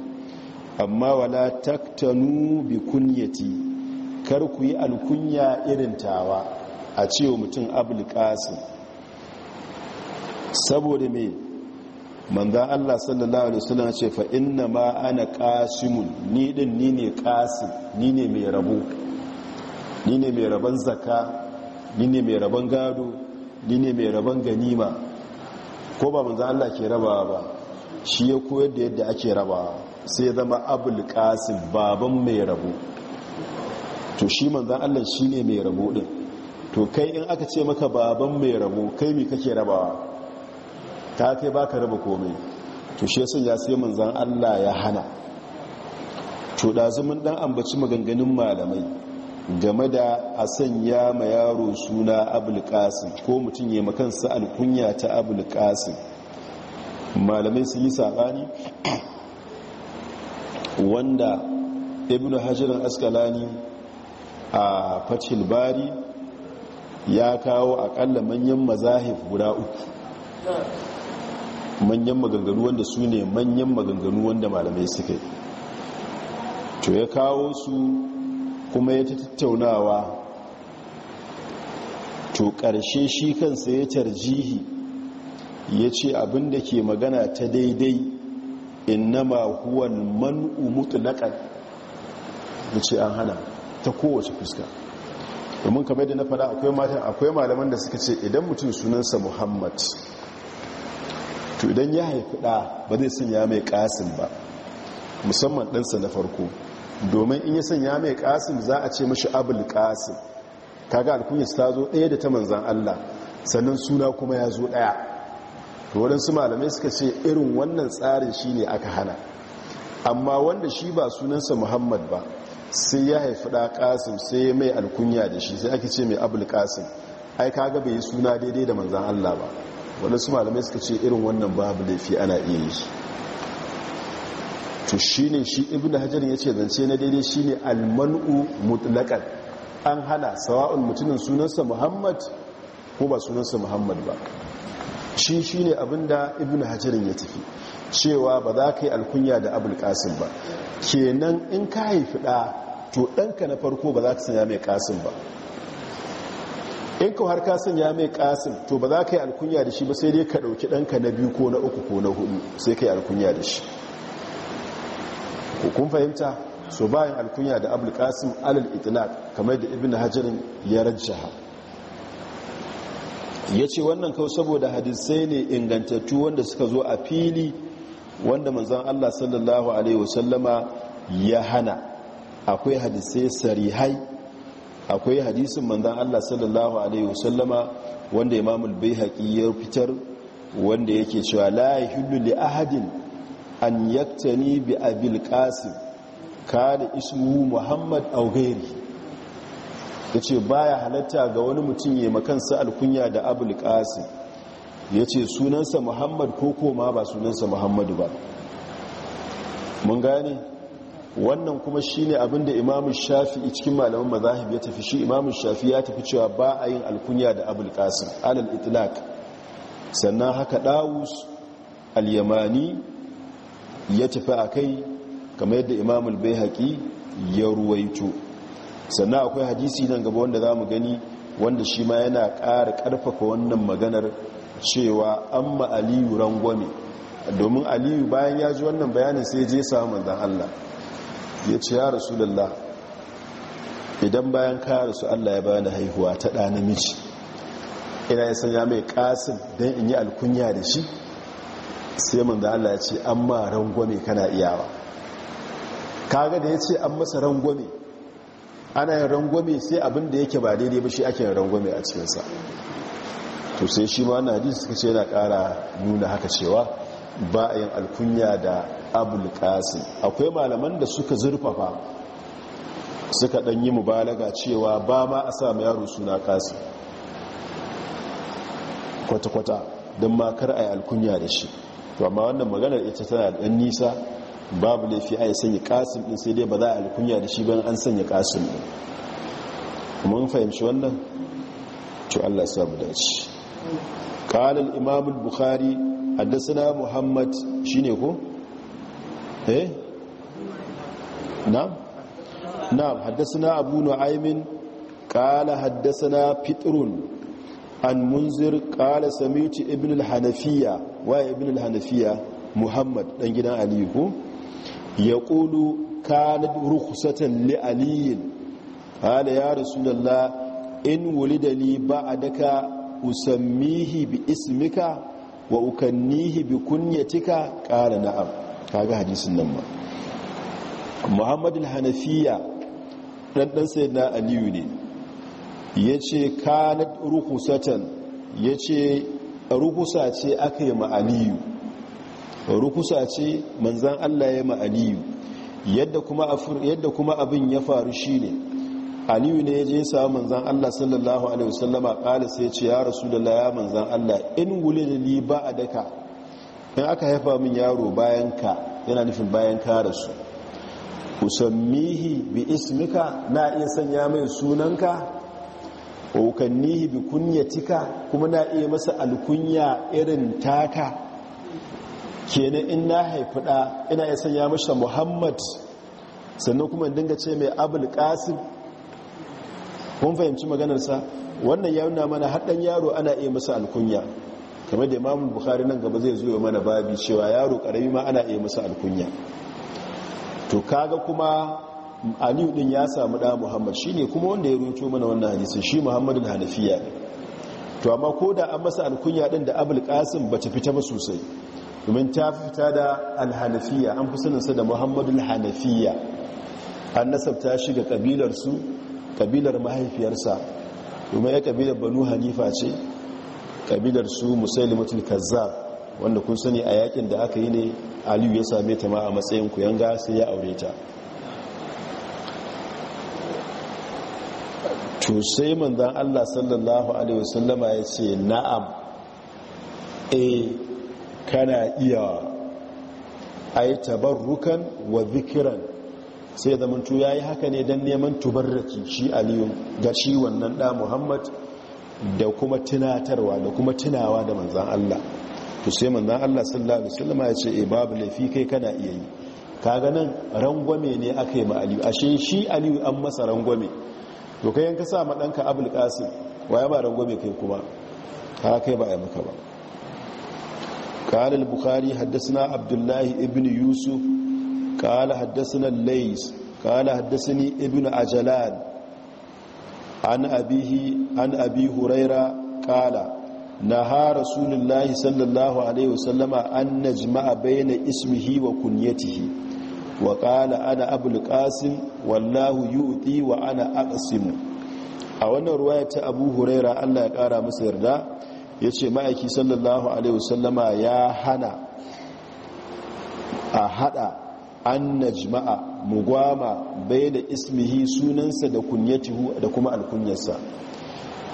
amma wala taktanu bi kunyati kar ku yi alkunya irin tawa a cewa mutum abul kasim saboda me manza Allah sallallahu alaihi wasallam ce fa inna ma ana qasimun ni din ni ne qasim ni ne mai rabo ni ne mai rabon zaka, ni ne mai rabon gado ni ne mai rabon ganima ko ba manza Allah ke rabawa ba shi ya koyar da yadda ake rabawa sai zama abul kasim, baban mai rabo to shi manza Allah shi ne mai rabo din to kai in aka ce maka baban mai rabo kai me kake rabawa ta kai baka raba komai to shi sun ya sai manzan Allah ya hana to ɗazu zumin ɗan ambaci maganganun malamai game da a sanya ma yaro suna abul ko mutum ya makansa alkunya ta abul malamai sun yi saɓani wanda ibn al askalani a fatil bari ya kawo akalla manyan mazahif guda uku manyan maganganu wanda su ne manyan maganganu wanda malamai suka yi to ya kawo su kuma ya tattaunawa to ƙarshe shi kansa ya tarjihi ya ce abinda ke magana ta daidai mahuwan huwan umutu naƙar? da ce an hana ta kowace fuska domin kamar da na fada akwai malaman da suka ce idan mutum sunansa muhammad to idan ya haifi ɗa ba zai sanya mai ƙasin ba musamman ɗansa na farko domin in ya sanya mai ƙasin za a ce mashi abul ƙasin kaga alkunyarsa ta zo ɗaya da ta manzan Allah sannan suna kuma ya zo ɗaya to waɗansu malamai suka ce irin wannan tsarin shi ne aka hana amma wanda shi ba sunansa muhammad ba sai ya haifi ɗa ƙasim sai ya mai alkunya da shi sai ake ce mai abul ƙasim ai kaga bai yi suna daidai da manzan Allah ba su malamai suka ce irin wannan babu laifi ana iya yi to shi ne shi ibn hajar ya ce zance na daidai shi ne almanu mutlakan an hana sawa'un mutumin sunansa muhammad ko ba sunansa muhammad ba shi shi ne abinda ibn hajarin ya tafi cewa ba za ka yi alkunya da abul kasim ba kenan in ka haifi ɗa to ɗanka na farko ba za ka sanya mai kasin ba in ka har ka sanya mai kasim to ba za ka yi alkunya da shi ba sai dai ka ɗauki ɗanka na biyu ko na uku ko na hudu sai ka yi alkunya da shi kun fahimta so bayan alkunya da abu kasim alal itilaq kamar da ibn hajarin ya rajjaha ya ce wannan kawai saboda hadisai ne ingantattu wanda suka zo a fili wanda manzan allah sallallahu alaihi wasallama ya hana akwai hadisai sarihai akwai hadisin manzan Allah sallallahu alaihi wasallama wanda imamul baihaqi ya fitar wanda yake cewa la hudu li ahadin an ni bi abil ka da ismu muhammad ya ce yace baya halatta ga wani mutum yayi makansa alkunya da abul ya ce sunansa muhammad ko koma ba sunansa muhammadu ba mun gane wannan kuma shine abinda imamu shafi'i cikin malaman mazahib ya tafi shi imamu shafi ya tafi cewa ba a yin alkunya da abul qasim alal itlaq sannan haka dawus al-yamani ya tafi a kai kamar yadda imamu al-baihaqi ya ruwaito sannan akwai hadisi nan gaba wanda zamu gani wanda shi ma yana ƙara ƙarfafa wannan maganar cewa an Aliyu rangwame domin aliyu bayan ya ji wannan bayanin sai je samun manzan Allah ya ce ya rasulallah idan bayan ka rasu allah ya bani haihuwa ta ɗa namiji ina ya sanya mai ƙasin don in yi alkunya da shi sai mun da allah ya ce an ma rangwame kana iyawa kaga da ya ce an masa rangwame ana yin rangwame sai abin da yake ba daidai ba shi ake yin rangwame a cikinsa to sai shi ma na hadisi suka ce yana ƙara nuna haka cewa ba a yin alkunya da abul qasim akwai malaman da suka zurfafa suka dan yi mubalaga cewa ba ma a sa yaro suna kasi kwata kwata don makar yi alkunya da shi to amma wannan maganar ita tana da dan nisa babu laifi a sanya kasin din sai dai ba za a alkunya da shi ban an sanya kasin din mun fahimci wannan to Allah ya samu Imamul Bukhari الإمام Muhammad shi ne ko. eh na'am na'am haddathana abu nu'aymin qala haddathana fitrun an munzir qala sami'tu ibn al-hanafiya wa ibn muhammad dan gidan aliyu ko yaqulu kanat rukhsatan li aliyin qala ya rasulullah in da wulida li ba'daka usammihi bi ismika wa ukannihi bi kunyatika qala na'am ga hadisin nan ma muhammadu hanafiya ɗanɗan sai na aliyu ne ya ce na rukusatan ya ce rukusa ce aka yi ma'aliyu rukusa ce manzan allah ya ma'aliyu yadda kuma abin ya faru shi ne aliyu ne ya je samun manzan allah sallallahu alaihi wasallama ƙalisa ya ce ya rasu da laya manzan allah in wule da ni ba a daka in aka haifa min yaro bayan ka yana nufin bayan ka rasu sammihi bi ismika na iya sanya mai sunanka okannihi bi kunyatika kuma na iya masa alkunya irin taka kenan in na haifi da ina iya sanya mashi muhammad sannan kuma dinga ce mai abul kun fahimci maganarsa wannan ya na mana haɗin yaro ana iya masa alkunya kamar da imamu bukhari nan gaba zai zuwa mana babi cewa yaro karami ma ana iya masa alkunya to kaga kuma aliyu din ya samu da muhammad shine kuma wanda ya rubuto mana wannan hadisin shi muhammadin hanafiya ne to amma ko da an masa alkunya din da abul qasim bata fita ba sosai domin ta fita da alhalafiya an fi saninsa da muhammadul hanafiya an nasabta shi ga kabilarsu kabilar mahaifiyarsa domin ya kabilar banu hanifa ce kabilar su musailimatul kazzab wanda kun sani a yakin da aka yi ne aliyu ya same ta ma a matsayin kuyanga sai ya aure ta to sai manzan Allah sallallahu alaihi wasallama ya ce na'am e kana iya ai tabarrukan wa zikiran sai zamantu yayi haka ne dan neman tubarraki shi aliyu ga shi wannan da Muhammad da kuma tunatarwa da kuma tunawa da manzan Allah to sai manzan Allah sallallahu alaihi wasallam ya ce e babu lafi kai kana iya yi kaga nan rangwame ne aka yi ma Aliyu ashe shi Aliyu an masa rangwame to kai yanka sa ma danka Abul Qasim waya ba rangwame kai kuma ka kai ba ai maka ba قال البخاري حدثنا عبد الله ابن يوسف قال حدثنا الليث قال حدثني ابن عجلان an abi an abi huraira qala naha rasulullahi sallallahu alaihi wasallama an najma'a baina ismihi wa kunyatihi wa qala ana abul wallahu yu'ti wa ana aqsimu a wannan ruwa ta abu huraira Allah ya kara masa yarda ya ce ma'aiki sallallahu alaihi wasallama ya hana a hada an najma'a mugwama bai da ismihi sunansa da kunyatihu da kuma alkunyarsa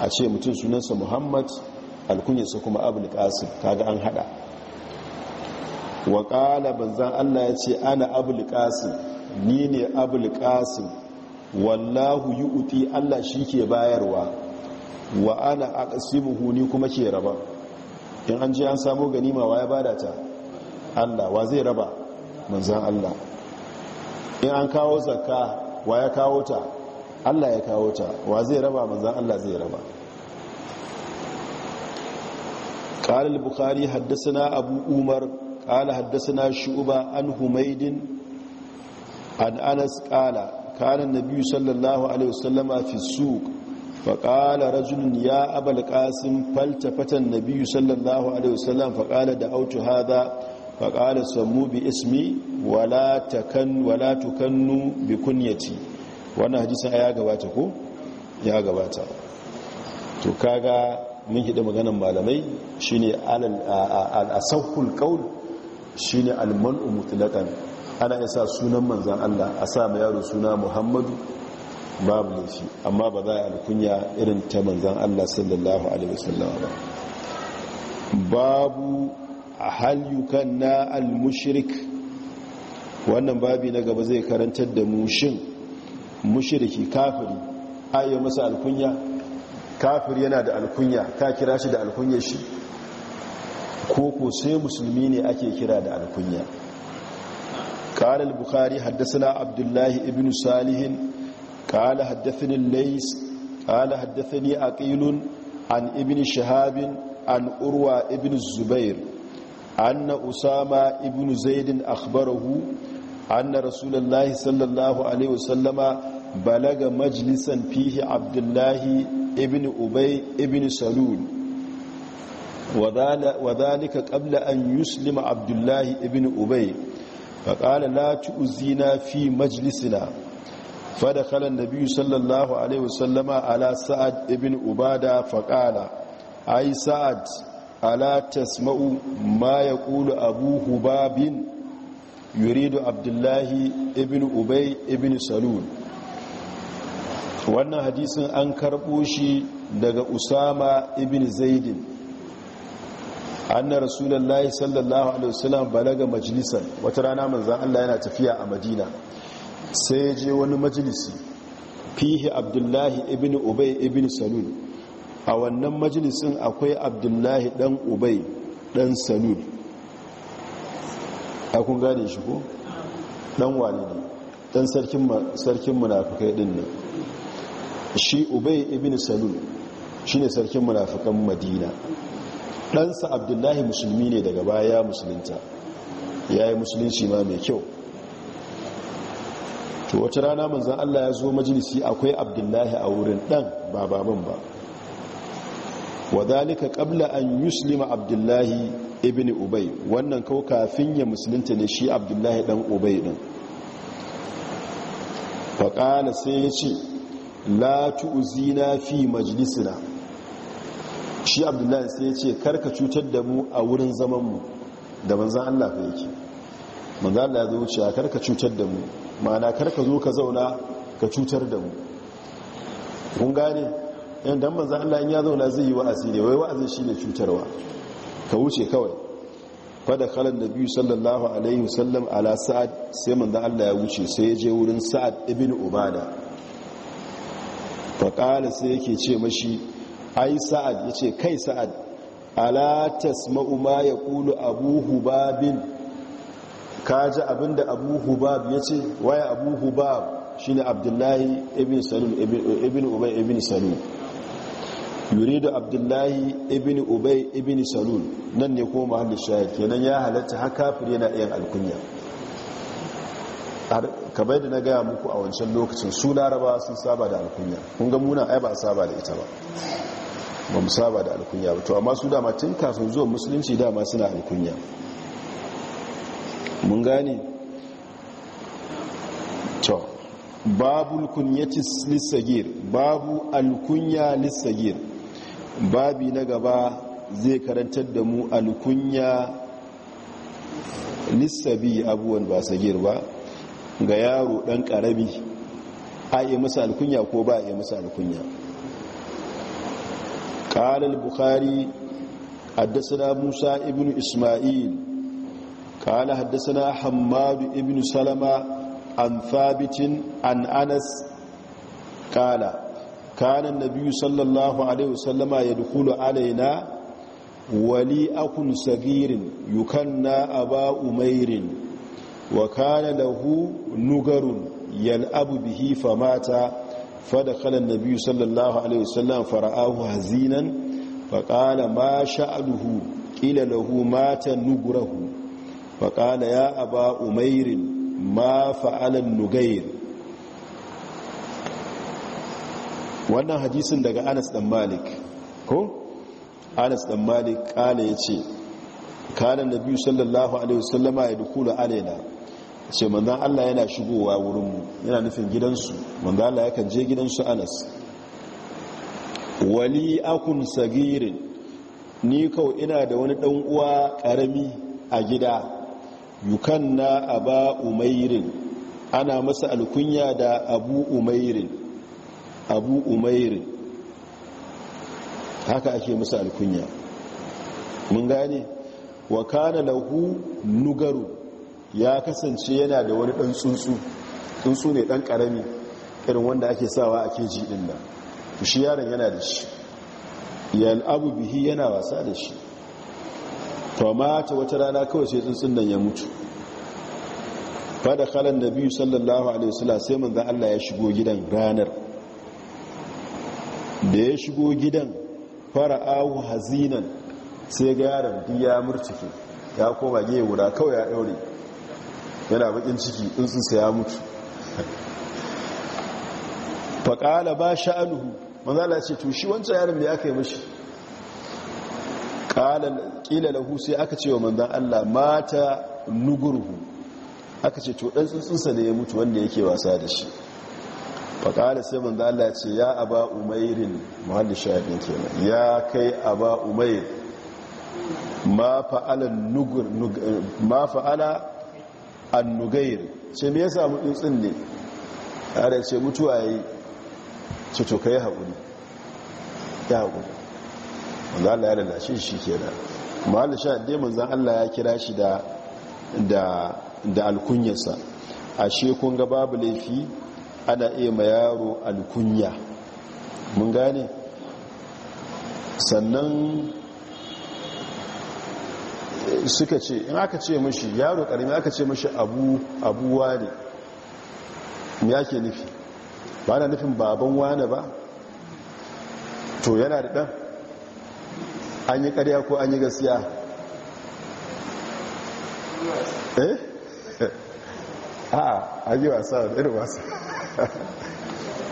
a ce mutum sunansa muhammad alkunyarsa kuma abul ta kaga an hada waƙala banzan Allah ya ce ana abul qasim ni ne abul qasim wallahu yi uti Allah shi ke bayarwa wa ana aqsimuhu ni kuma ke raba in an je an samu ganimawa ya bada ta Allah wa zai raba manzan Allah in an kawo zakka wa ya kawo ta Allah ya kawo ta wa zai raba manzan Allah zai raba قال البخاري حدثنا أبو أمر قال حدثنا شعبة عن حميد عن أنس قال كان النبي صلى الله عليه وسلم في السوق فقال رجل يا أبا القاسم فالتفت النبي صلى الله عليه وسلم فقال دعوت هذا faƙalar samu bi ismi wala tukannu bi kunyati wannan hadisa ya gabata ko ya gabata to kaga mun hidda maganan malamai shine al-asahul qaul shine al-man'u mutlaqan ana isa sunan manzan Allah a sa ma yaro suna Muhammadu babu laifi amma ba za a alkunya irin ta manzan Allah sallallahu alaihi wasallam ba babu hal yukanna al-mushrik wannan babi na gaba zai karantar da mu shin mushriki kafiri ayi masa alkunya kafir yana da alkunya ka kira shi da alkunya shi ko ko sai musulmi ne ake kira da alkunya قال البخاري حدثنا عبد الله ابن صالح قال حدثني الليث قال حدثني عقيل عن ابن شهاب عن أروى ابن الزبير anna usama Ibnu zaidin akhbarahu anna rasulullahi sallallahu balaga majlisan fihi abdullahi ibn ubay ibn salul وذلك قبل أن يسلم عبد الله ابن أبي فقال لا تؤذينا في مجلسنا فدخل النبي صلى الله عليه وسلم على سعد ابن أبادة فقال أي سعد ala tasma'u ma ya ƙulu abu hubabin yuridu abdullahi ibn ubai ibn salul wannan hadisin an karɓo shi daga usama ibn zaidin anna rasulullahi sallallahu alaihi wasallam balaga majlisan wata rana manzon Allah yana tafiya a Madina sai je wani majlisi fihi abdullahi ibn ubay ibn salul a wannan majalisun akwai abdullahi dan ubai dan salul a kun gane shi ko dan walidi dan sarkin munafukai din nan shi ubai ibn salul shi ne sarkin munafukan madina ɗansa abdullahi musulmi ne daga baya musulunta ya yi musulunci ma mai kyau to wata rana manzan allah ya zo majalisi akwai abdullahi a wurin ɗan ba baban ba wadhalika kabla an yuslima abdullahi ibn ubay wannan kawo kafin ya musulunta ne shi abdullahi dan ubay din faƙala sai ya ce la tu'zina fi majlisina shi abdullahi sai ya ce karka cutar da mu a wurin zamanmu da manzan allah ka yake manzan allah ya zo wuce karka cutar da mu mana karka zo ka zauna ka cutar da mu kun gane yan dan manzan Allah ya zauna zai yi wa'azi ne wai wa'azi shine cutarwa ka wuce kawai fada kalan da biyu sallallahu alaihi wasallam ala sa'ad sai manzan Allah ya wuce sai ya je wurin sa'ad ibn ubada faƙala sai yake ce mashi ai sa'ad ya ce kai sa'ad ala tasma'u ma ya kulu abu hubabin ka ji abinda abu hubab ya ce waya abu hubab shi abdullahi ibn salul ibn ubay ibn salul yuridu abdullahi ibn ubay ibn salul nan ne ko mahallin shahid kenan ya halatta har kafir yana iya alkunya kamar da na gaya muku a wancan lokacin su laraba sun saba da alkunya kun ga muna ai ba a saba da ita ba ba mu saba da alkunya ba to amma su dama tun kafin zuwa musulunci dama suna alkunya mun gane to babu alkunyati lissagir babu alkunya lissagir babi na gaba zai karantar da mu alkunya lissabi abuwan ba sa ba ga yaro dan karami a yi masa alkunya ko ba a yi masa alkunya bukari haddasa حدثنا موسى ابن إسماعيل قال حدثنا حماد ابن سلمة عن ثابت عن أنس قال kana nabi'u sallallahu alaihi wasallama yadkhulu alaina wali akun sagirin yukanna aba umairin wakana kana lahu nugarun yal'abu bihi famata فدخل النبي صلى الله عليه وسلم فرآه هزينا فقال ما شأله قيل له مات نقره فقال يا أبا أمير ما فعل النقير wannan hadisin daga anas dan malik ko anas dan malik kala ya ce kanan da biyu sallallahu alaihi wasallama ya dukula alaina ce manzan allah yana shigowa wurinmu yana nufin gidansu manzan allah yakan je gidansu anas wali akun sagirin ni kau ina da wani dan uwa karami a gida yukanna aba umairin ana masa alkunya da abu umairin abu Umairi, haka ake musu alkunya mun gane wa kana lahu nugaru ya kasance yana da wani dan tsuntsu tsuntsu ne dan karami irin wanda ake sawa a keji din nan to shi yaron yana da shi yal abu bihi yana wasa da shi to ta wata rana kawai sai tsuntsun nan ya mutu fa da khala sallallahu alaihi wasallam sai manzo Allah ya shigo gidan ranar da ya shigo gidan fara'ahu hazinan sai ga yaron ya murtuke ya koma gehe guda kawai ya daure yana bakin ciki tsuntsu ya mutu faƙala ba sha'anuhu manzala ce to shi wancan yaron da aka yi mashi ƙila lahu sai aka ce wa manzan Allah mata nugurhu aka ce to ɗan tsuntsunsa ne ya mutu wanda yake wasa da shi faƙali sai mun Allah ce ya aba umairin muhalli shahadin kenan ya kai aba umair ma fa'ala annugair ce me ya samu tsuntsun ne da ce mutuwa yi ce to ka yi haƙuri ya haƙuri wanda Allah ya lalace shi kenan muhalli shahadin manzan Allah ya kira shi da alkunyarsa ashe kun ga babu laifi ana iya ma yaro alkunya mun gane sannan eh, suka ce in aka ce mashi yaro karami aka ce mashi abu abuwa ne ya ke nufi ba na nufin baban wane ba to yana da ɗan an yi ƙarya ko an yi gasya. eh? a a yi wasa da irin wasa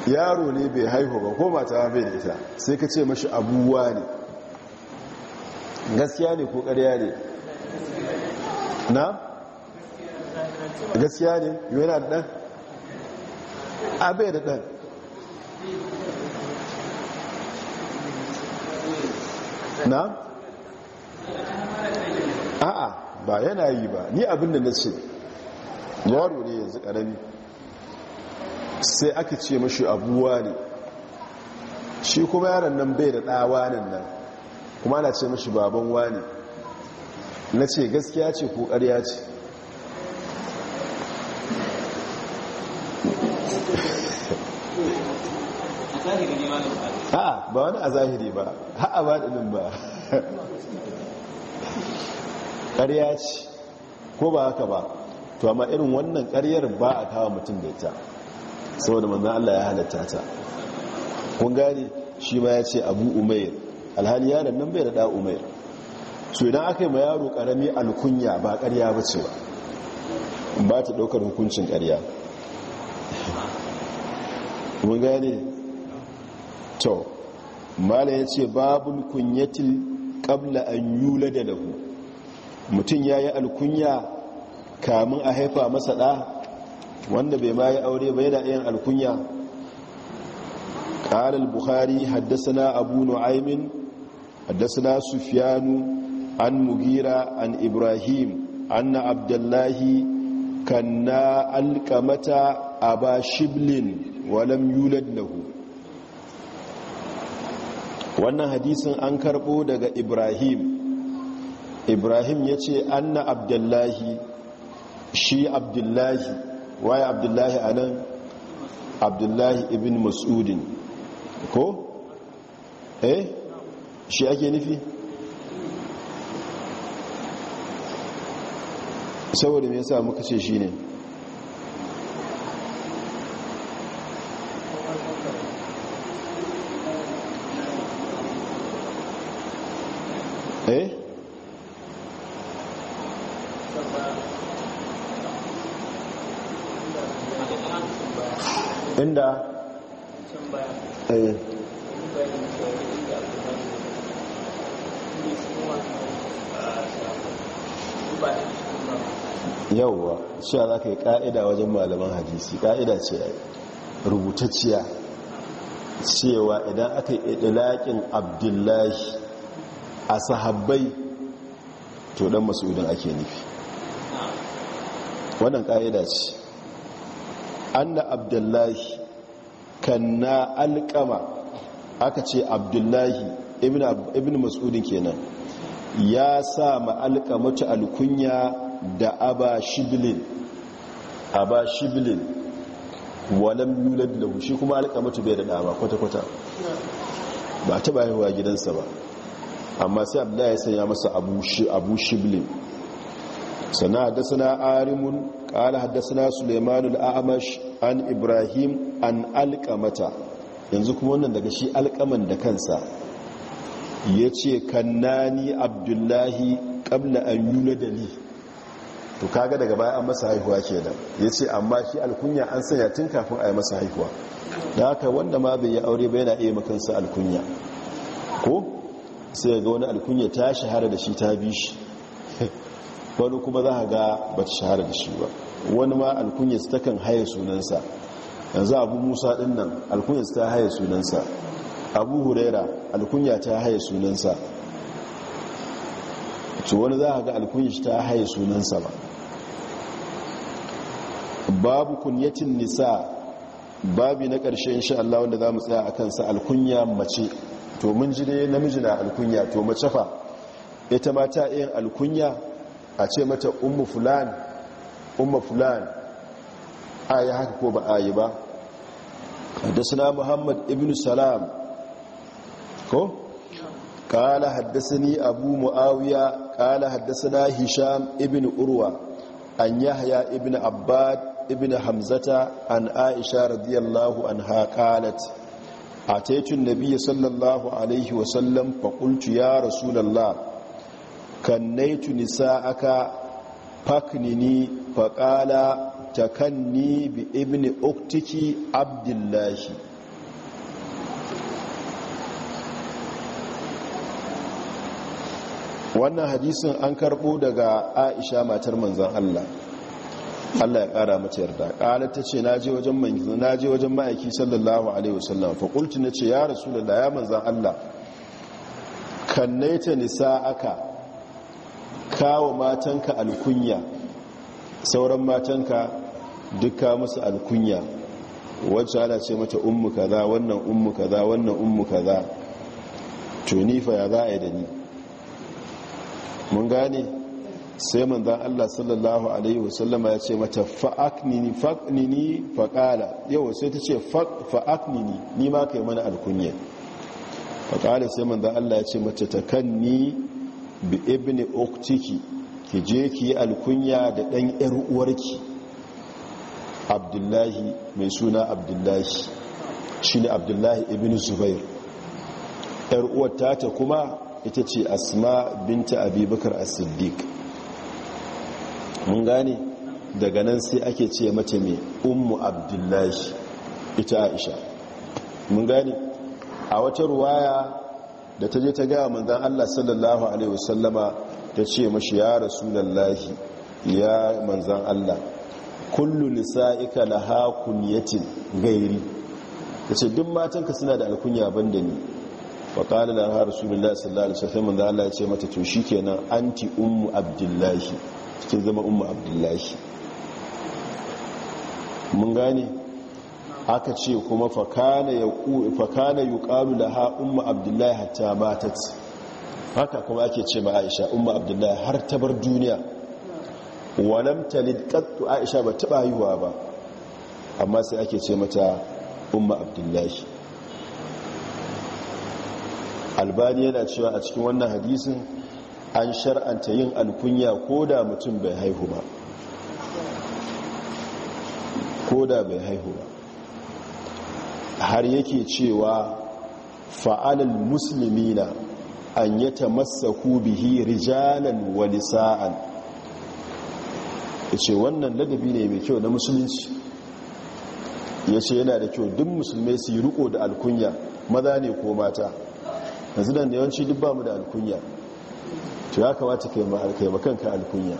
yaro ne bai haihu ba ko mata bai da ita sai ka ce mashi abuwa ne gaskiya ne ko ƙarya ne na? gaskiya ne yana da ɗan? abai da ɗan na? a'a ba yana yi ba ni abinda na ce yaro ne yanzu ƙarami sai aka ce mashi abuwa ne shi kuma yaron nan bai da ɗawa nan nan kuma na ce mashi baban wani na ce gaskiya ce ko ƙarya ce ha ba wani a zahiri ba ha a ɗinin ba ƙarya ce ko ba haka ba to amma irin wannan ƙaryar ba a kawo mutum da ita saboda manzan Allah ya halatta ta kun gane shi ma ya ce abu umair alhali yaron nan bai da umair so idan aka yi ma yaro karami alkunya ba karya ba ce ba ba ta daukar hukuncin karya kun gane to mala ya ce babul kunyatil kabla an yula da lahu mutum ya yi alkunya kamun a haifa masa ɗa wanda bai ma aure bai da yin alkunya ƙar al-bukhari haddasa abu nu'aimin haddasa na sufiyanu an mugira an ibrahim anna abdullahi kan na alkamata a ba shiblin walam yulad lahu wannan hadisun an karbo daga ibrahim ibrahim ya ce an na abdullahi shi abdullahi waye abdullahi anan abdullahi ibn mas'udin ko eh shi ake nufi saboda me yasa muka ce shine ne yauwa cewa za ka yi ƙa'ida wajen malaman hadisi ƙa'ida ce rubutacciya cewa idan aka yi ɗilaƙin abdullahi a sahabbai to ɗan masudin ake nufi wannan ƙa'ida ce anna abdullahi kan na alƙama aka ce abdullahi ibn masudin kenan ya sa mace alkunya da aba shibilin aba shibilin walam yulad lahu shi kuma alƙamata bai da ɗaba kwata-kwata ba ta ba wa gidansa ba amma sai abu ya sanya masa abu shibilin sana haddasa arimun ƙala haddasa na suleimanu al'amash an ibrahim an alƙamata yanzu kuma wannan daga shi alƙaman da kansa ya ce kannani abdullahi ƙabla an yula da ni to kaga daga baya an masa haihuwa ke nan ya ce amma shi alkunya an sanya tun kafin a yi masa haihuwa da haka wanda ma bai yi aure ba yana iya makansa alkunya ko sai ga wani alkunya ta shahara da shi ta bi shi wani kuma za ga ba ta shahara da shi ba wani ma alkunya ta kan haya sunansa yanzu abu musa ɗin nan alkunya ta haya sunansa abu huraira alkunya ta haye sunansa to wani za a ga alkunya ta haye sunansa ba babu kunyatin nisa babi na ƙarshe insha Allah wanda za mu tsaya a kansa alkunya mace to mun ji dai namiji na alkunya to mace fa ita ma ta yin alkunya a ce mata ummu fulan ummu fulan ayi haka ko ba a yi ba حدثنا muhammad ibn salam. ko? kala ni abu mu'awiya kala na hisham ibn urwa an yahya ibn abbad ibn hamzata an aisha radiyallahu an haƙalat a taitun nabi sallallahu alaihi wasallam faƙuntu ya rasulallah kan naitu nisa aka faƙnini faƙala ta kan ni bi ibn uktici abdullahi wannan hadisin an karbo daga aisha matar manzan allah allah ya kara mata yarda ƙalar ta ce na je wajen ma'aiki sallallahu alaihi wasallam faƙulci na ce ya rasu da ya manzan allah kannaita nisa aka kawo matanka alkunya sauran matanka duka musu alkunya wacce ana ce mata ummu kaza wannan ummu kaza wannan ummu kaza to ni fa ya za a yi da ni mun gane sai manzan Allah sallallahu alaihi wasallama ya ce mata fa'aknini fa'aknini faqala yau sai ta ce fa'aknini ni ma kai mana alkunya faqala sai manzan Allah ya ce mata takanni bi ibni uktiki ki je ki yi alkunya da ɗan ‘yar uwarki abdullahi mai suna abdullahi shi ne abdullahi ibn zubair ‘yar uwar tata kuma ita ce asma binta abubakar as-siddiq mun gane daga nan sai ake ce mace mai ummu abdullahi ita aisha mun gane a wata ruwaya da ta je ta gaya manzan allah sallallahu alaihi wasallama ta ce mashi ya rasulallahi ya manzan allah kullu nisa'ika laha kunyatin gairi ta ce duk matanka suna da alkunya banda ni faƙali na har rasulullah sallallahu alaihi wasallam manzo Allah ya ce mata to shikenan anti ummu abdullahi cikin zama ummu abdullahi mun gane aka ce kuma fakana yaqu fakana yuqalu laha ummu abdullahi hatta matat haka kuma ake ce ma Aisha ummu abdullahi har ta bar duniya walam talid qattu Aisha ba taɓa yiwa ba amma sai ake ce mata ummu abdullahi albani yana cewa a cikin wannan hadisin an shar'anta yin alkunya ko da mutum bai haihu ba ko da bai haihu ba har yake cewa musulmi musulmina an yi ta masaku bihi rijalan wani sa'an ya ce wannan ladabi ne mai kyau na musulunci ya ce yana da kyau duk musulmai su yi riko da alkunya maza ne ko mata yanzu da yawanci duk ba mu da alkunya to ya kamata kai makanka alkunya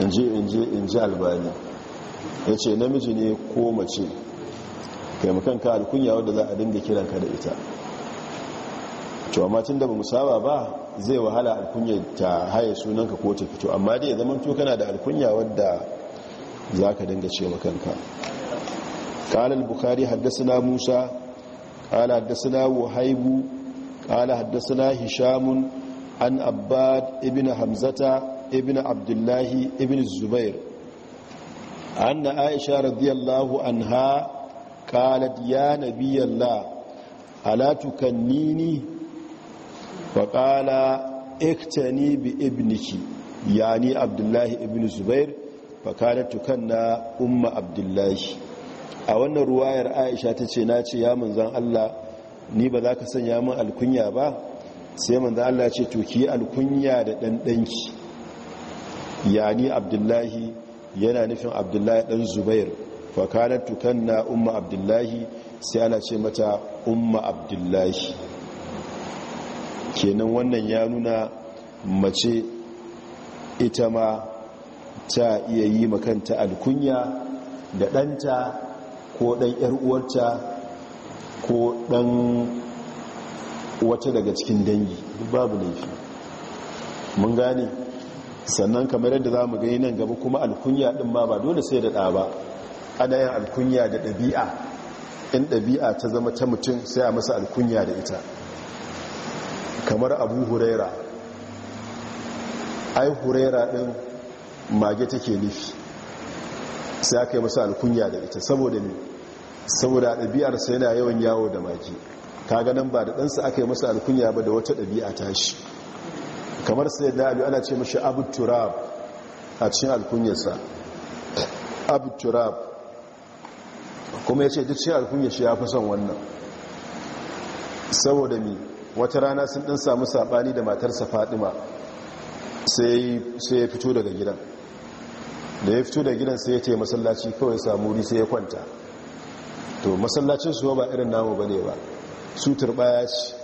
in ji albani ya ce namiji ne ko mace kai makanka alkunya wadda za a dinga kiranka da ita to amma tun da ba musaba ba zai wahala alkunya ta haya sunanka ko ta fito amma dai ya to kana da alkunya wadda za ka dinga ce makanka قال البخاري حدثنا موسى قال حدثنا وهيب قال حدثنا هشام عن عباد ابن حمزة ابن عبد الله ابن الزبير أن عائشة رضي الله عنها قالت يا نبي الله ألا تكنيني فقال اكتني بابنك يعني عبد الله ابن الزبير فقالت تكنى أم عبد الله a wannan ruwayar aisha ta ce na ce ya zan allah ni ba za ka sanya min alkunya ba sai zan allah ce to ki alkunya da ɗanɗanki ya ni abdullahi yana nufin abdullahi ɗan zubair fakanar tukan na umma abdullahi sai ana ce mata umma abdullahi kenan wannan ya nuna mace ita ma ta iya yi makanta alkunya da ɗanta ko ɗan ‘yar’uwarta ko ɗan wata daga cikin dangi babu laifi mun gane sannan kamar yadda za mu gani nan gaba kuma alkunya ɗin ma ba dole sai da ɗa ba ana yin alkunya da ɗabi'a in ɗabi'a ta zama ta mutum sai a masa alkunya da ita kamar abu huraira ai huraira ɗin mage take nufi sai aka yi masa alkunya da ita saboda ne saboda ɗabi'arsa yana yawan yawo da maki kaga ganin ba da ɗansa aka yi masa alkunya ba da wata ɗabi'a ta shi kamar sai da abu ana ce mashi abu turab a cikin alkunyarsa abu turab kuma ya ce duk cikin alkunyar shi ya fi son wannan saboda mi wata rana sun ɗan samu saɓani da matarsa fadima sai ya fito daga gidan da ya fito da gidan sai ya ce masallaci kawai samu sai ya kwanta to masallacin su ba irin namu bane ba su turbaya ce